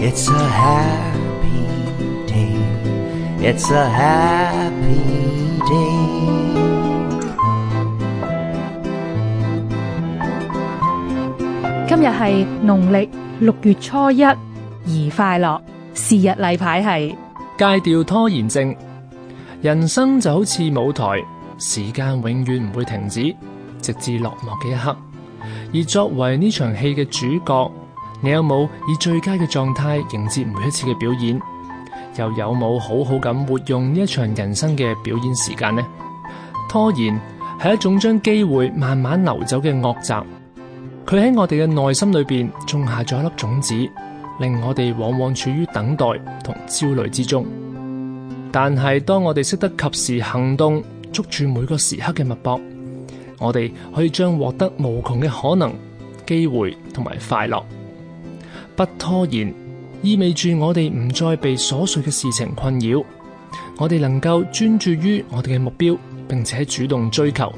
It's a happy day. It's a happy day. 今日係農曆六月初一，而快樂是日例牌係戒掉拖延症。人生就好似舞台，時間永遠唔會停止，直至落幕嘅一刻。而作為呢場戲嘅主角。你有冇以最佳嘅狀態迎接每一次嘅表演？又有冇好好咁活用呢一場人生嘅表演時間呢？拖延係一種將機會慢慢流走嘅惡習，佢喺我哋嘅內心裏邊種下咗一粒種子，令我哋往往處於等待同焦慮之中。但係當我哋識得及時行動，捉住每個時刻嘅脈搏，我哋可以將獲得無窮嘅可能、機會同埋快樂。不拖延，意味住我哋唔再被瑣碎嘅事情困擾，我哋能夠專注於我哋嘅目標，並且主動追求。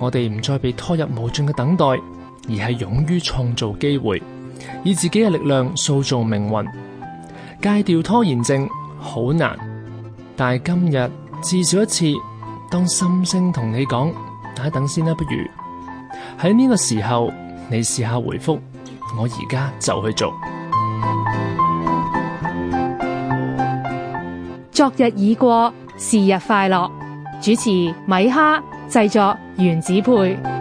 我哋唔再被拖入無盡嘅等待，而係勇於創造機會，以自己嘅力量塑造命運。戒掉拖延症好難，但係今日至少一次，當心聲同你講，啊，等一等先啦，啊，不如喺呢個時候你試下回覆。我而家就去做。昨日已過，是日快樂。主持米哈，製作原子配。